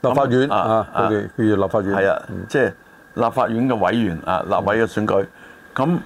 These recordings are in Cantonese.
立法院啊，佢哋佢哋立法院係啊，即係、嗯、立法院嘅委員，啊，立委嘅選舉。咁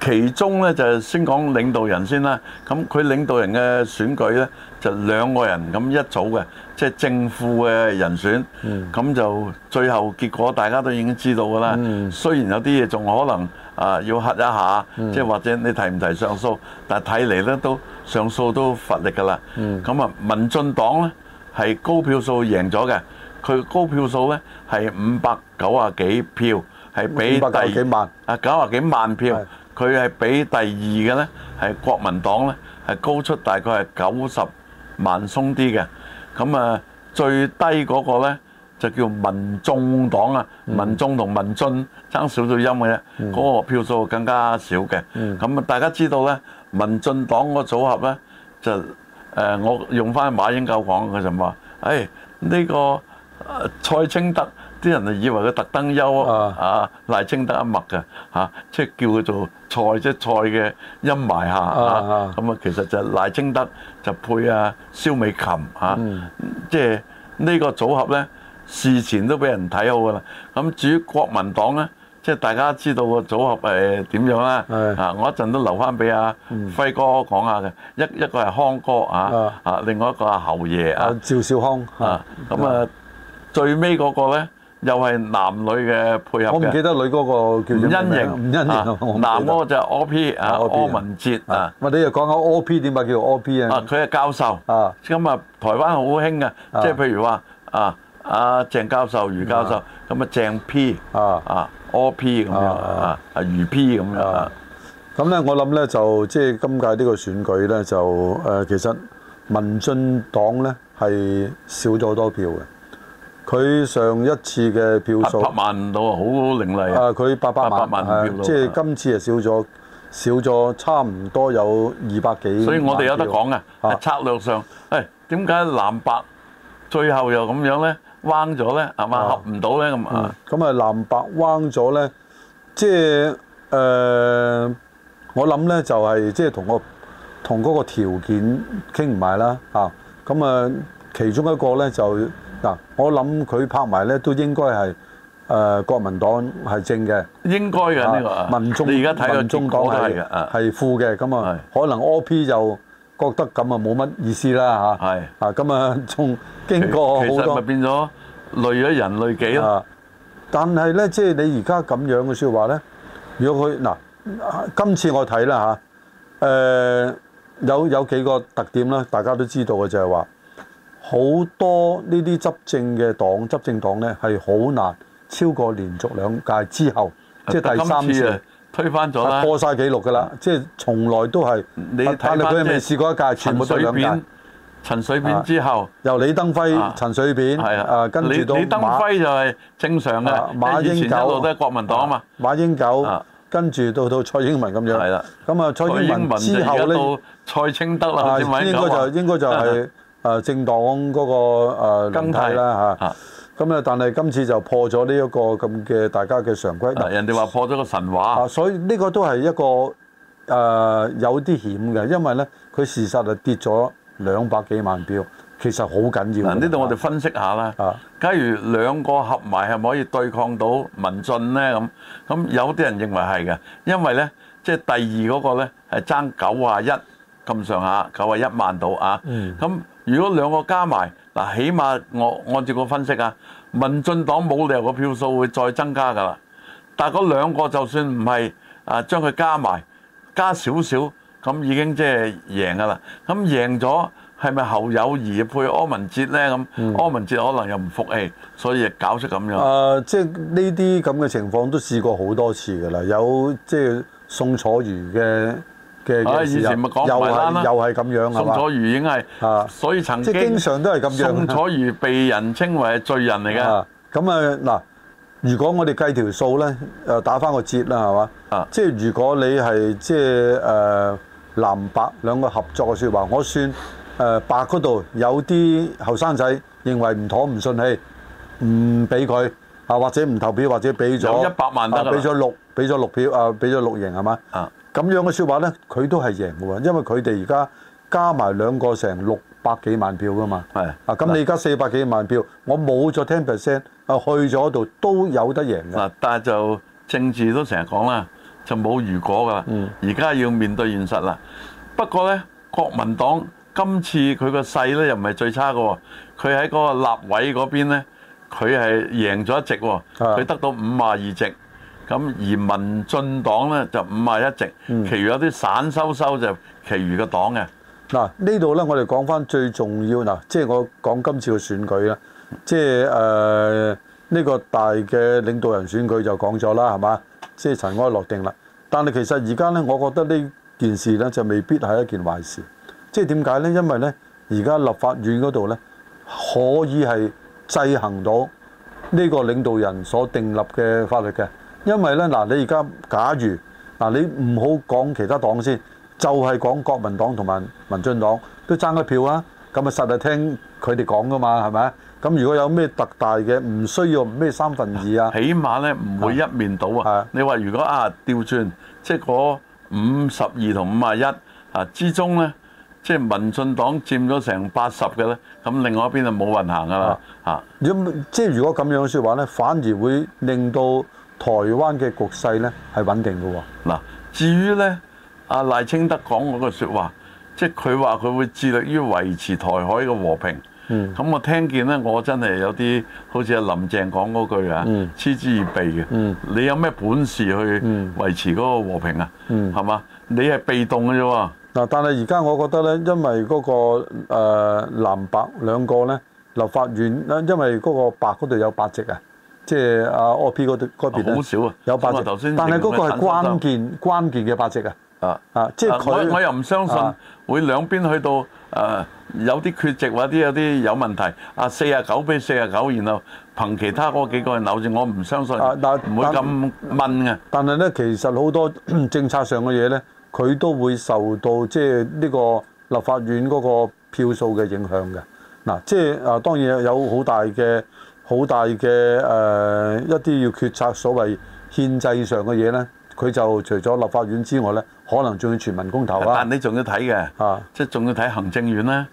其中咧就先講領導人先啦。咁佢領導人嘅選舉咧，就兩個人咁一組嘅，即係正副嘅人選。咁、嗯、就最後結果大家都已經知道㗎啦。嗯、雖然有啲嘢仲可能啊、呃、要核一下，即係、嗯、或者你提唔提上訴，但係睇嚟咧都上訴都乏力㗎啦。咁啊，民進黨咧。係高票數贏咗嘅，佢高票數呢係五百九啊幾票，係比第二萬啊九啊幾萬票，佢係比第二嘅呢係國民黨呢係高出大概係九十萬鬆啲嘅。咁啊，最低嗰個呢就叫民眾黨啊，民眾同民進爭少少音嘅啫，嗰個票數更加少嘅。咁啊，大家知道呢，民進黨嗰個組合呢就。誒、呃，我用翻馬英九講佢就話，誒呢、哎這個蔡清德，啲人就以為佢特登優啊，啊賴清德一脈嘅。嚇、啊，即、就、係、是、叫佢做蔡即蔡嘅陰霾下嚇，咁啊其實就賴清德就配啊蕭美琴嚇，即係呢個組合咧事前都俾人睇好㗎啦。咁、啊、至於國民黨咧。即係大家知道個組合係點樣啦？啊，我一陣都留翻俾阿輝哥講下嘅。一一個係康哥啊啊，另外一個阿侯爺啊，趙少康啊。咁啊，最尾嗰個咧又係男女嘅配合。我唔記得女嗰個叫咩？吳欣，瑩。吳欣瑩啊。男嘅就阿 P 啊，柯文哲，啊。你又講下 o P 點解叫 o P 啊？啊，佢係教授啊。咁啊，台灣好興嘅，即係譬如話啊，阿鄭教授、余教授，咁啊鄭 P 啊啊。OP 咁樣，啊啊啊，魚 P 咁樣。咁咧、啊，我諗咧就即係、就是、今屆呢個選舉咧，就誒、呃、其實民進黨咧係少咗好多票嘅。佢上一次嘅票數八百萬到啊，好凌厲啊！佢八百萬、啊、即係今次啊少咗少咗差唔多有二百幾萬票。所以我哋有得講啊，策略上誒點解藍白最後又咁樣咧？彎咗咧，係咪合唔到咧咁啊？咁啊藍白彎咗咧，即係誒，我諗咧就係即係同個同嗰個條件傾唔埋啦啊！咁啊，其中一個咧就嗱，我諗佢拍埋咧都應該係誒國民黨係正嘅，應該嘅呢個。民眾民眾黨係係富嘅，咁啊可能 OP 就。覺得咁啊冇乜意思啦嚇，係啊，咁啊仲經過好多，其實咪變咗累咗人累己咯。但係咧，即係你而家咁樣嘅説話咧，如果佢嗱，今次我睇啦吓，誒啊呃有有幾個特點啦，大家都知道嘅就係話好多呢啲執政嘅黨執政黨咧係好難超過連續兩屆之後，即係第三次。啊推翻咗啦，破曬記錄噶啦，即係從來都係。你睇翻即係未試過一屆全部都係咁陳水扁，陳水扁之後，由李登輝、陳水扁，誒跟住到馬李登輝就係正常嘅。馬英九一路都係國民黨啊嘛。馬英九跟住到到蔡英文咁樣。係啦。咁啊，蔡英文之後咧，蔡清德啦。應該就應該就係誒政黨嗰個誒更替啦。啊。咁啊！但係今次就破咗呢一個咁嘅大家嘅常規，嗱人哋話破咗個神話，啊、所以呢個都係一個誒、呃、有啲險嘅，因為咧佢事實係跌咗兩百幾萬票，其實好緊要。嗱，呢度我哋分析下啦。啊，假如兩個合埋係咪可以對抗到民進咧？咁咁有啲人認為係嘅，因為咧即係第二嗰個咧係爭九啊一咁上下，九啊一萬到啊，咁、嗯。嗯如果兩個加埋嗱，起碼我按照個分析啊，民進黨冇理由個票數會再增加㗎啦。但係嗰兩個就算唔係啊，將佢加埋加少少，咁已經即係贏㗎啦。咁贏咗係咪侯友宜配柯文哲咧？咁柯文哲可能又唔服氣，所以搞出咁樣。誒、嗯呃，即係呢啲咁嘅情況都試過好多次㗎啦。有即係宋楚瑜嘅。係又係咁樣啊！宋楚瑜已經係，啊、所以曾經宋楚瑜被人稱為罪人嚟嘅。咁啊嗱、啊，如果我哋計條數咧，誒打翻個折啦，係嘛？啊，即係如果你係即係誒、呃、藍白兩個合作嘅説話，我算誒、呃、白嗰度有啲後生仔認為唔妥唔順氣，唔俾佢啊，或者唔投票，或者俾咗一百萬得俾咗六，俾咗六票啊，俾咗六型係嘛？啊！咁樣嘅説話呢，佢都係贏嘅喎，因為佢哋而家加埋兩個成六百幾萬票㗎嘛。係的。啊，咁你而家四百幾萬票，的我冇咗 ten percent 啊，去咗度都有得贏㗎。但係就政治都成日講啦，就冇如果㗎。嗯。而家要面對現實啦。不過呢，國民黨今次佢個勢呢，又唔係最差嘅喎、哦，佢喺嗰個立委嗰邊咧，佢係贏咗一席喎、哦，佢的得到五十二席。咁而民進黨咧就五啊一席，嗯、其餘有啲散修修就其餘嘅黨嘅。嗱、嗯、呢度咧，我哋講返最重要嗱，即係我講今次嘅選舉啦，即係誒呢個大嘅領導人選舉就講咗啦，係嘛？即係塵埃落定啦。但係其實而家咧，我覺得呢件事咧就未必係一件壞事。即係點解咧？因為咧，而家立法院嗰度咧可以係制衡到呢個領導人所訂立嘅法律嘅。因為咧，嗱你而家假如嗱你唔好講其他黨先，就係講國民黨同埋民進黨都爭一票啊！咁啊，實係聽佢哋講噶嘛，係咪啊？咁如果有咩特大嘅，唔需要咩三分二啊？起碼咧，唔會一面倒啊！係啊！啊你話如果啊調轉，即係嗰五十二同五啊一啊之中咧，即係民進黨佔咗成八十嘅咧，咁另外一邊就冇運行噶啦嚇。咁即係如果咁樣嘅説話咧，反而會令到台灣嘅局勢咧係穩定嘅喎、哦。嗱，至於咧，阿賴清德講嗰個説話，即係佢話佢會致力於維持台海嘅和平。嗯，咁我聽見咧，我真係有啲好似阿林鄭講嗰句啊，嗤之以鼻嘅。嗯，你有咩本事去維持嗰個和平啊？嗯，係嘛？你係被動嘅啫喎。嗱、嗯，但係而家我覺得咧，因為嗰、嗰個誒藍、呃、白兩個咧，立法院咧，因為嗰個白嗰度有八席啊。即係阿 OP 嗰嗰邊好少啊，有八席頭先，但係嗰個係關鍵關鍵嘅八席 Yeah. 啊！啊、就、啊、是，即係佢，我又唔相信會兩邊去到誒、uh, 有啲缺席或者有啲有問題。49 49, 問啊，四啊九比四啊九，然後憑其他嗰幾個人扭住，我唔相信啊！唔會咁問嘅。但係咧，其實好多咳咳政策上嘅嘢咧，佢都會受到即係呢個立法院嗰個票數嘅影響嘅。嗱、啊，即係啊，當然有好大嘅。好大嘅誒、呃，一啲要決策所謂憲制上嘅嘢呢，佢就除咗立法院之外呢，可能仲要全民公投、啊、但你仲要睇嘅，啊、即係仲要睇行政院啦，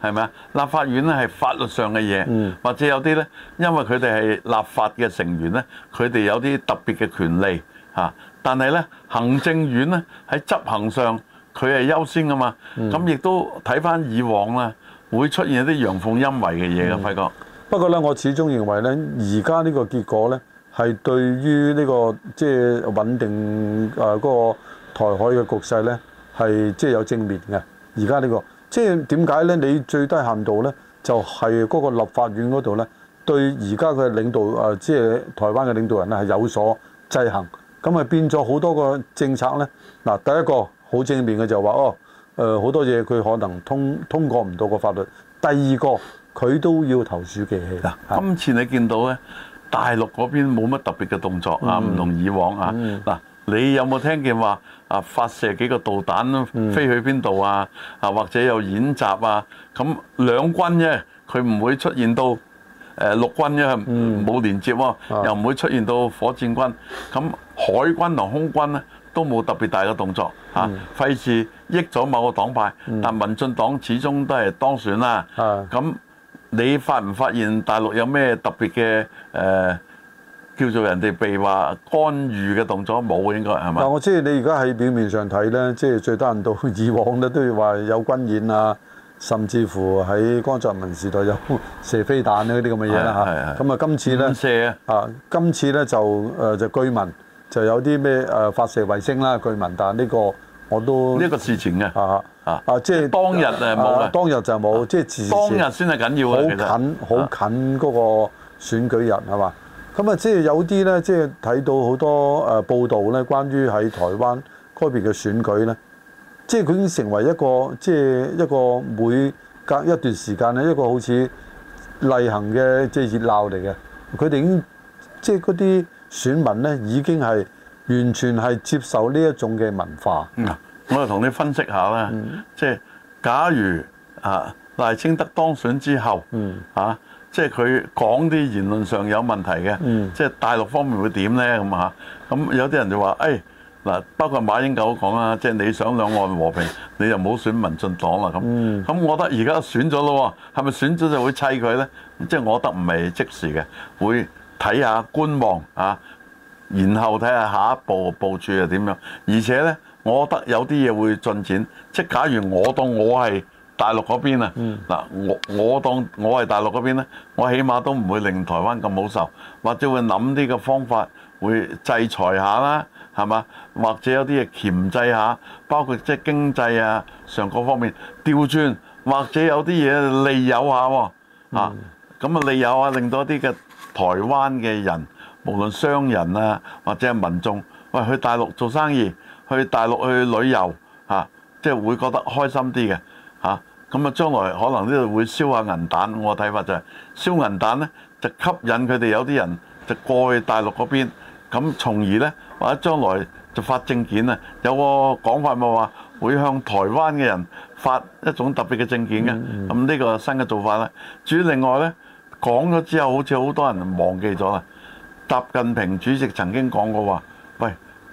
係咪啊？立法院咧係法律上嘅嘢，嗯、或者有啲呢，因為佢哋係立法嘅成員呢，佢哋有啲特別嘅權利嚇、啊。但係呢，行政院呢，喺執行上，佢係優先噶嘛。咁亦、嗯嗯、都睇返以往咧，會出現一啲陽奉陰違嘅嘢嘅輝哥。嗯不過咧，我始終認為咧，而家呢個結果咧，係對於呢、這個即係、就是、穩定誒嗰、呃那個台海嘅局勢咧，係即係有正面嘅。而家、這個、呢個即係點解咧？你最低限度咧，就係、是、嗰個立法院嗰度咧，對而家嘅領導誒、呃，即係台灣嘅領導人咧，係有所制衡。咁啊變咗好多個政策咧。嗱，第一個好正面嘅就係話哦，誒、呃、好多嘢佢可能通通過唔到個法律。第二個。佢都要投鼠忌器啦。今次你見到咧，大陸嗰邊冇乜特別嘅動作啊，唔同以往啊。嗱，你有冇聽見話啊發射幾個導彈飛去邊度啊？啊或者有演習啊？咁兩軍啫，佢唔會出現到誒陸軍啫，冇連接喎，又唔會出現到火箭軍。咁海軍同空軍咧都冇特別大嘅動作啊，費事益咗某個黨派。但民進黨始終都係當選啦。咁你發唔發現大陸有咩特別嘅誒、呃、叫做人哋被話干預嘅動作冇嘅應該係咪？嗱，但我知你而家喺表面上睇咧，即係最多人到以往咧都要話有軍演啊，甚至乎喺江澤民時代有射飛彈呢啲咁嘅嘢啦嚇。咁啊，今次咧射啊，今次咧就誒就據聞就有啲咩誒發射衛星啦，據聞但呢個我都呢個事情啊。啊！即係當日啊，冇啦。當日就冇，啊、即係當日先係緊要其實好近，好近嗰個選舉日係嘛？咁啊，即係有啲咧，即係睇到好多誒報道咧，關於喺台灣嗰邊嘅選舉咧，即係佢已經成為一個即係、即係、一個每隔一段時間咧一個好似例行嘅即係熱鬧嚟嘅。佢哋已經即係嗰啲選民咧已經係完全係接受呢一種嘅文化。嗯。我又同你分析下啦，嗯、即係假如啊賴清德當選之後，嗯、啊即係佢講啲言論上有問題嘅，嗯、即係大陸方面會點咧咁啊？咁有啲人就話，誒、哎、嗱，包括馬英九講啊，即係你想兩岸和平，你就唔好選民進黨啦。咁咁、嗯、我覺得而家選咗咯，係咪選咗就會砌佢咧？即係我覺得唔係即時嘅，會睇下觀望啊，然後睇下下一步部署係點樣，而且咧。我覺得有啲嘢會進展，即係假如我當我係大陸嗰邊啊，嗱、嗯，我我當我係大陸嗰邊咧，我起碼都唔會令台灣咁好受，或者會諗啲嘅方法會制裁下啦，係嘛？或者有啲嘢鉗制下，包括即係經濟啊上各方面調轉，或者有啲嘢利誘下喎，啊，咁啊、嗯、利誘啊，令到一啲嘅台灣嘅人，無論商人啊或者係民眾，喂去大陸做生意。去大陸去旅遊嚇、啊，即係會覺得開心啲嘅嚇。咁啊，將來可能呢度會燒下銀彈。我睇法就係燒銀彈呢，就吸引佢哋有啲人就過去大陸嗰邊，咁、啊、從而呢，或者將來就發證件啊。有個講法咪話會向台灣嘅人發一種特別嘅證件嘅，咁呢個新嘅做法啦。至於另外呢，講咗之後，好似好多人忘記咗啊。習近平主席曾經講過話。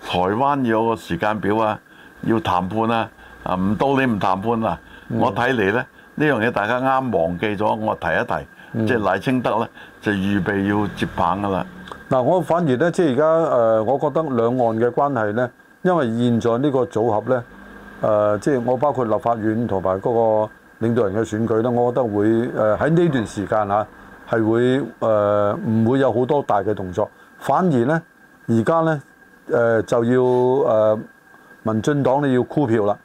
台灣要有個時間表啊，要談判啊，啊唔到你唔談判啊，嗯、我睇嚟咧，呢樣嘢大家啱忘記咗，我提一提，嗯、即係賴清德咧就預備要接棒噶啦。嗱，我反而咧，即係而家誒，我覺得兩岸嘅關係咧，因為現在呢個組合咧，誒，即係我包括立法院同埋嗰個領導人嘅選舉咧，我覺得會誒喺呢段時間啊，係會誒唔會有好多大嘅動作，反而咧而家咧。誒、呃、就要誒、呃、民進黨你要箍票啦，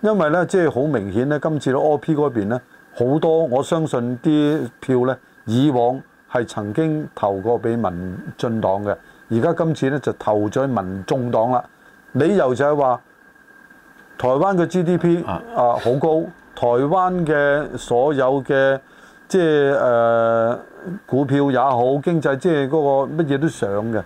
因為咧即係好明顯咧，今次都 OP 嗰邊咧好多，我相信啲票咧以往係曾經投過俾民進黨嘅，而家今次咧就投咗民眾黨啦。理由就係話台灣嘅 GDP 啊好高，台灣嘅所有嘅即係誒股票也好，經濟即係嗰個乜嘢都上嘅，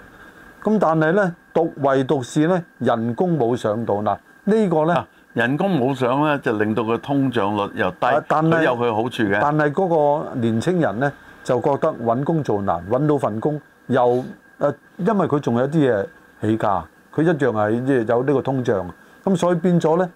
咁但係咧。獨唯獨是咧人工冇上到嗱，呢個咧人工冇上咧就令到佢通脹率又低，佢有佢好處嘅。但係嗰個年輕人咧就覺得揾工做難，揾到份工又誒，因為佢仲有啲嘢起價，佢一樣係即係有呢個通脹。咁所以變咗咧，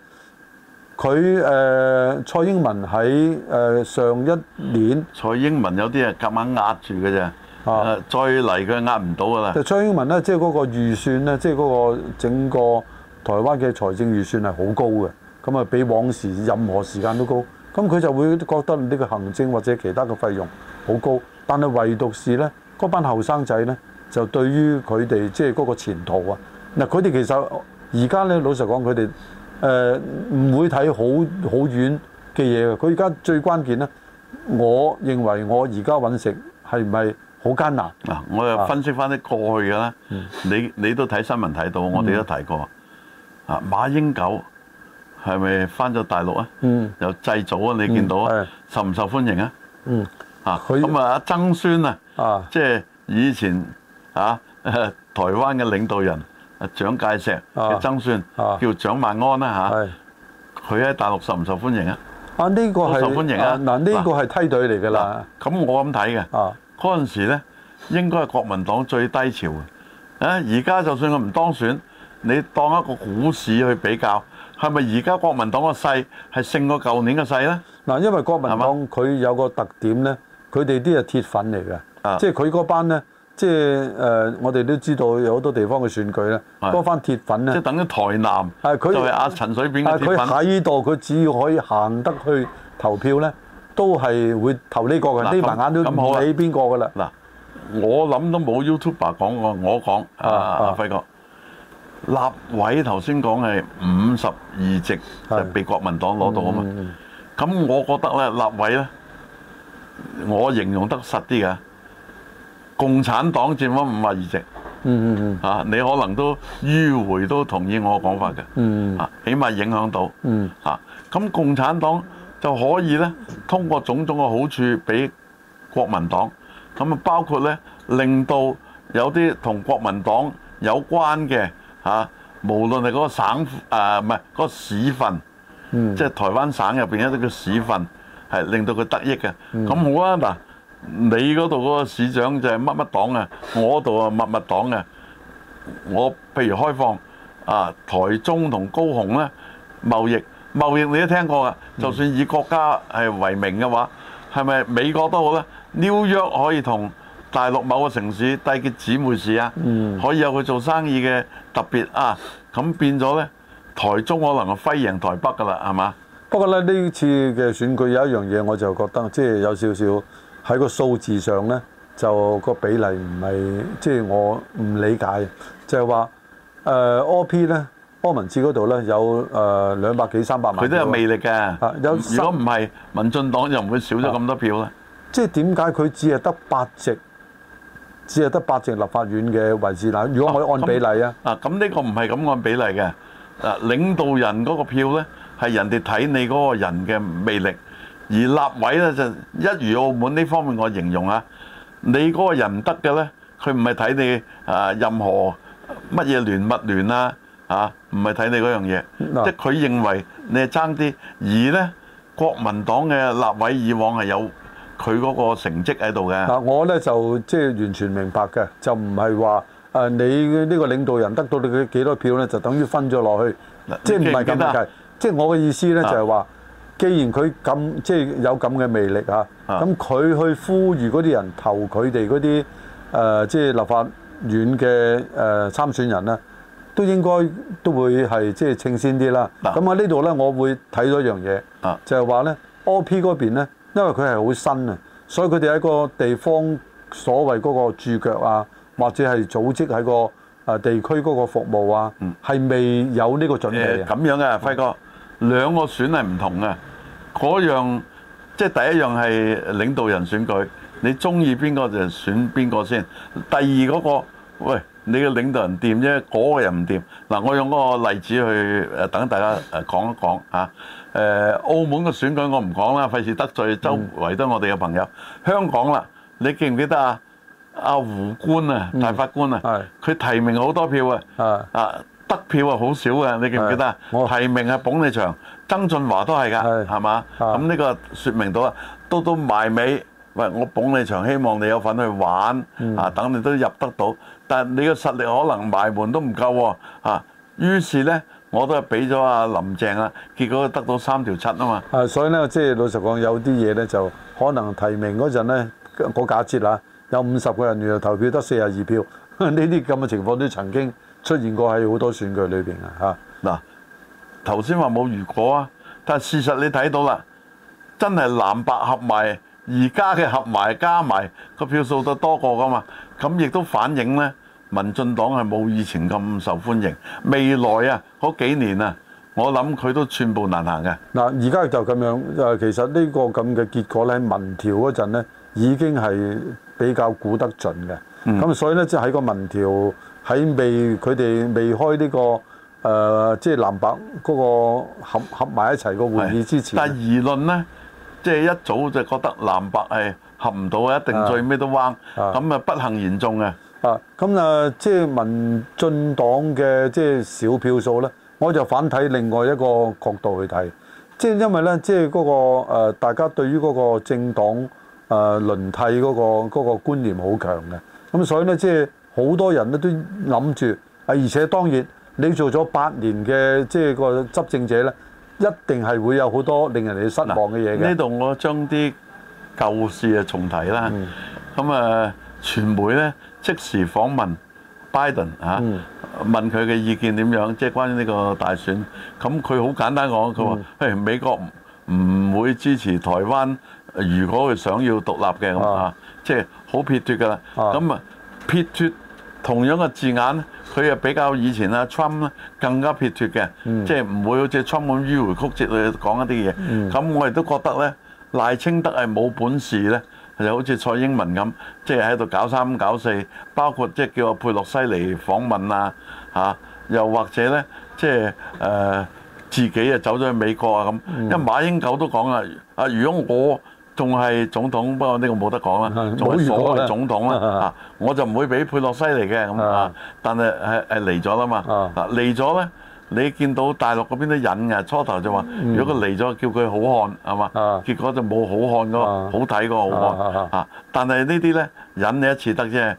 佢誒蔡英文喺誒上一年，蔡英文有啲係夾硬壓住嘅啫。啊！再嚟佢呃唔到噶啦。蔡英文咧，即係嗰個預算咧，即係嗰個整個台灣嘅財政預算係好高嘅。咁啊，比往時任何時間都高。咁佢就會覺得呢個行政或者其他嘅費用好高。但係唯獨是咧，嗰班後生仔咧就對於佢哋即係嗰個前途啊。嗱，佢哋其實而家咧，老實講，佢哋誒唔會睇好好遠嘅嘢。佢而家最關鍵咧，我認為我而家搵食係唔係？好艱難嗱，我又分析翻啲過去嘅啦。你你都睇新聞睇到，我哋都提過啊。馬英九係咪翻咗大陸啊？嗯，又祭祖啊，你見到啊？受唔受歡迎啊？嗯啊，咁、嗯、啊，曾孫啊，即係、啊、以前啊，台灣嘅領導人蔣介石曾孫叫蔣萬安啦、啊、嚇。佢喺、啊啊啊、大陸受唔受歡迎啊？啊，呢、這個係受歡迎啊！嗱、啊，呢、這個係梯隊嚟㗎啦。咁、啊、我咁睇嘅。啊啊啊嗰陣時咧，應該係國民黨最低潮啊！而家就算佢唔當選，你當一個股市去比較，係咪而家國民黨嘅勢係勝過舊年嘅勢咧？嗱，因為國民黨佢有個特點咧，佢哋啲係鐵粉嚟嘅、啊，即係佢嗰班咧，即係誒，我哋都知道有好多地方嘅選舉咧，嗰班是鐵粉咧，即係等於台南，啊、就係阿陳水扁嘅鐵粉。佢喺呢度，佢、啊、只要可以行得去投票咧。都係會投呢個嘅，啲眼眼都睇邊個嘅啦。嗱，我諗都冇 YouTuber 講過，我講啊，阿輝哥，立委頭先講係五十二席，就俾國民黨攞到啊嘛。咁我覺得咧，立委咧，我形容得實啲嘅，共產黨佔翻五十二席。嗯嗯嗯。啊，你可能都迂回都同意我嘅講法嘅。嗯嗯。啊，起碼影響到。嗯。啊，咁共產黨。就可以咧，通過種種嘅好處俾國民黨，咁啊包括咧，令到有啲同國民黨有關嘅嚇，無論係嗰個省啊唔係嗰個市份，即係台灣省入邊一啲嘅市份，係令到佢得益嘅。咁好啊嗱，你嗰度嗰個市長就係乜乜黨啊，我嗰度啊乜乜黨啊，我譬如開放啊台中同高雄咧貿易。貿易你都聽過嘅，就算以國家係為名嘅話，係咪、嗯、美國都好咧？紐約可以同大陸某個城市締結姊妹市啊，嗯、可以有佢做生意嘅特別啊，咁變咗咧，台中可能就輝贏台北㗎啦，係嘛？不過咧，呢次嘅選舉有一樣嘢，我就覺得即係、就是、有少少喺個數字上咧，就個比例唔係即係我唔理解就係話誒 OP 咧。呃多民治嗰度咧有誒兩百幾三百萬，佢都有魅力嘅。如果唔係，民進黨就唔會少咗咁多票啦。即係點解佢只係得八席，只係得八席立法院嘅位置？嗱，如果可以按比例啊，啊咁呢個唔係咁按比例嘅。啊，領導人嗰個票咧係人哋睇你嗰個人嘅魅力，而立委咧就一如澳門呢方面，我形容啊，你嗰個人唔得嘅咧，佢唔係睇你啊任何乜嘢聯物聯啊。啊，唔係睇你嗰樣嘢，即係佢認為你係爭啲，而咧國民黨嘅立委以往係有佢嗰個成績喺度嘅。嗱，我咧就即係完全明白嘅，就唔係話誒你呢個領導人得到你幾多票咧，就等於分咗落去，即係唔係咁問題。即係我嘅意思咧就係話，既然佢咁即係有咁嘅魅力啊，咁佢去呼籲嗰啲人投佢哋嗰啲誒即係立法院嘅誒參選人咧。都應該都會係即係清先啲啦。咁喺呢度呢，我會睇到一樣嘢，就係話呢 OP 嗰邊呢，因為佢係好新啊，所以佢哋喺個地方所謂嗰個駐腳啊，或者係組織喺個啊地區嗰個服務啊，係未、嗯、有呢個準備咁、嗯呃、樣啊，輝哥、嗯、兩個選係唔同啊。嗰樣即係、就是、第一樣係領導人選舉，你中意邊個就選邊個先。第二嗰、那個喂。你嘅領導人掂啫，嗰個人唔掂。嗱，我用嗰個例子去誒等大家誒講一講嚇。誒澳門嘅選舉我唔講啦，費事得罪周圍都我哋嘅朋友。香港啦，你記唔記得啊？阿胡官啊，大法官啊，佢提名好多票啊，啊得票啊好少嘅，你記唔記得啊？提名係捧你場，曾俊華都係㗎，係嘛？咁呢個説明到啊，都都埋尾。喂，我捧你場，希望你有份去玩、嗯、啊！等你都入得到，但係你個實力可能埋門都唔夠喎、啊、嚇、啊。於是呢，我都係俾咗阿林鄭啦、啊，結果得到三條七啊嘛。啊！所以呢，即係老實講，有啲嘢呢就可能提名嗰陣呢，我、嗰個、假設嚇有五十個人原來投票得四十二票，呢啲咁嘅情況都曾經出現過喺好多選舉裏邊啊嚇嗱。頭先話冇如果啊，但係事實你睇到啦，真係藍白合埋。而家嘅合埋加埋個票數就多過㗎嘛，咁亦都反映呢民進黨係冇以前咁受歡迎。未來啊嗰幾年啊，我諗佢都寸步難行嘅。嗱，而家就咁樣誒，其實呢個咁嘅結果呢，民調嗰陣呢已經係比較估得準嘅。咁所以呢，即係個民調喺未佢哋未開呢個誒即係藍白嗰個合合埋一齊個會議之前，但係輿論呢。即係一早就覺得藍白係合唔到，一定最尾都彎，咁啊不幸言中嘅、啊。啊，咁啊，即係民進黨嘅即係小票數咧，我就反睇另外一個角度去睇，即、就、係、是、因為咧，即係嗰個、呃、大家對於嗰個政黨誒、呃、輪替嗰、那個嗰、那個觀念好強嘅，咁、啊、所以咧，即係好多人咧都諗住啊，而且當然你做咗八年嘅即係個執政者咧。一定係會有好多令人哋失望嘅嘢嘅。呢度我將啲舊事啊重提啦。咁啊、嗯，傳媒咧即時訪問拜登嚇，啊嗯、問佢嘅意見點樣，即係關於呢個大選。咁佢好簡單講，佢話：嘿、嗯，美國唔會支持台灣，如果佢想要獨立嘅，咁啊，即係好撇脱噶啦。咁啊，撇脱同樣嘅字眼。佢又比較以前阿 Trump 咧更加撇脱嘅，即係唔會好似 Trump 咁迂迴曲折去講一啲嘢。咁、嗯、我亦都覺得咧賴清德係冇本事咧，就好似蔡英文咁，即係喺度搞三搞四，包括即係叫阿佩洛西嚟訪問啊，嚇、啊、又或者咧即係誒自己啊走咗去美國啊咁。嗯、因為馬英九都講啦，阿、啊、如果我仲係總統，不過呢個冇得講啦。所謂總統係總統啦，我就唔會俾佩洛西嚟嘅咁啊。但係係係嚟咗啦嘛，嗱嚟咗咧，你見到大陸嗰邊都忍嘅，初頭就話如果佢嚟咗，叫佢好漢係嘛，啊、結果就冇好漢個、啊、好睇個好漢啊、啊、啊、啊。但係呢啲咧忍你一次得啫，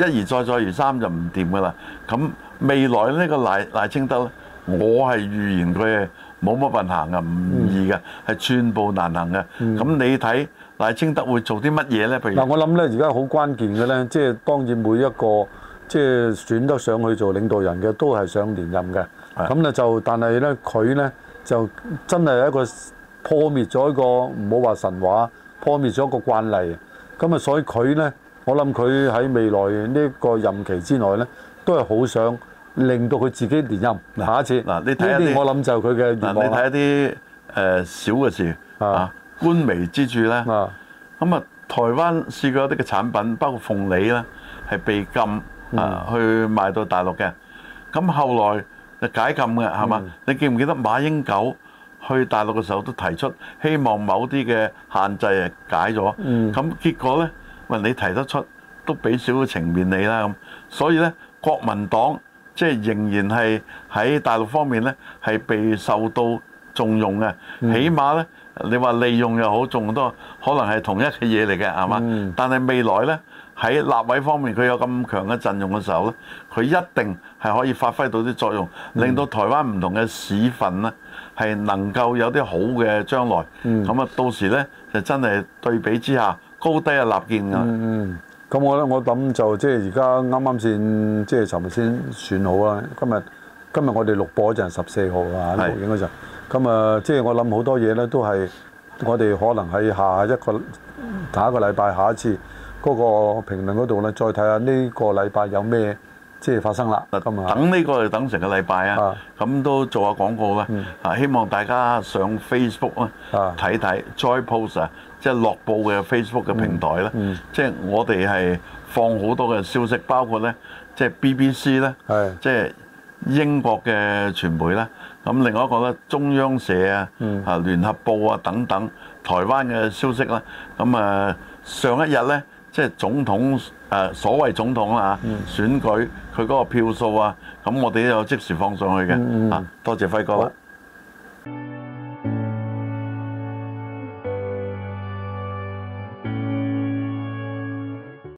一而再再而三就唔掂噶啦。咁、啊、未來呢個賴賴清德咧，我係預言佢。冇乜辦法行嘅，唔易嘅，係寸步難行嘅。咁你睇賴清德會做啲乜嘢咧？譬如嗱，我諗咧，而家好關鍵嘅咧，即係當然每一個即係選得上去做領導人嘅，都係想連任嘅。咁咧就，但係咧佢咧就真係一個破滅咗一個唔好話神話，破滅咗一個慣例。咁啊，所以佢咧，我諗佢喺未來呢個任期之內咧，都係好想。令到佢自己連任嗱，下一次嗱，你睇一啲我諗就佢嘅。嗱，你睇一啲誒小嘅事啊，官微之處咧。咁啊，台灣試過一啲嘅產品，包括鳳梨咧，係被禁啊，去賣到大陸嘅。咁後來就解禁嘅係嘛？你記唔記得馬英九去大陸嘅時候都提出希望某啲嘅限制啊解咗。咁結果咧，喂，你提得出都俾少少情面你啦。咁所以咧，國民黨。即係仍然係喺大陸方面呢，係被受到重用嘅。嗯、起碼呢，你話利用又好，重用都可能係同一嘅嘢嚟嘅，係嘛？嗯、但係未來呢，喺立委方面，佢有咁強嘅陣容嘅時候呢，佢一定係可以發揮到啲作用，令到台灣唔同嘅市份呢，係能夠有啲好嘅將來。咁啊、嗯，嗯、到時呢，就真係對比之下高低啊立見㗎。嗯嗯咁我咧，我諗就即係而家啱啱先，即係尋日先算好啦。今日今日我哋錄播嗰陣十四號啊，錄影嗰陣。咁啊，即係我諗好多嘢咧，都係我哋可能喺下一個下一個禮拜，下一次嗰個評論嗰度咧，再睇下呢個禮拜有咩即係發生啦。嗱，今日等呢個就等成個禮拜啊。咁是的 都做下廣告啦。啊，是的 希望大家上 Facebook 啊，睇睇再 post 啊。即係、就是、樂報嘅 Facebook 嘅平台咧，即係、嗯嗯、我哋係放好多嘅消息，包括呢，即、就、係、是、BBC 咧，即係是英國嘅傳媒咧，咁另外一個呢，中央社啊，嗯、啊聯合報啊等等，台灣嘅消息咧、啊，咁啊上一日呢，即、就、係、是、總統誒、呃、所謂總統啊，嚇、嗯，選舉佢嗰個票數啊，咁我哋都有即時放上去嘅，啊、嗯嗯嗯、多謝輝哥。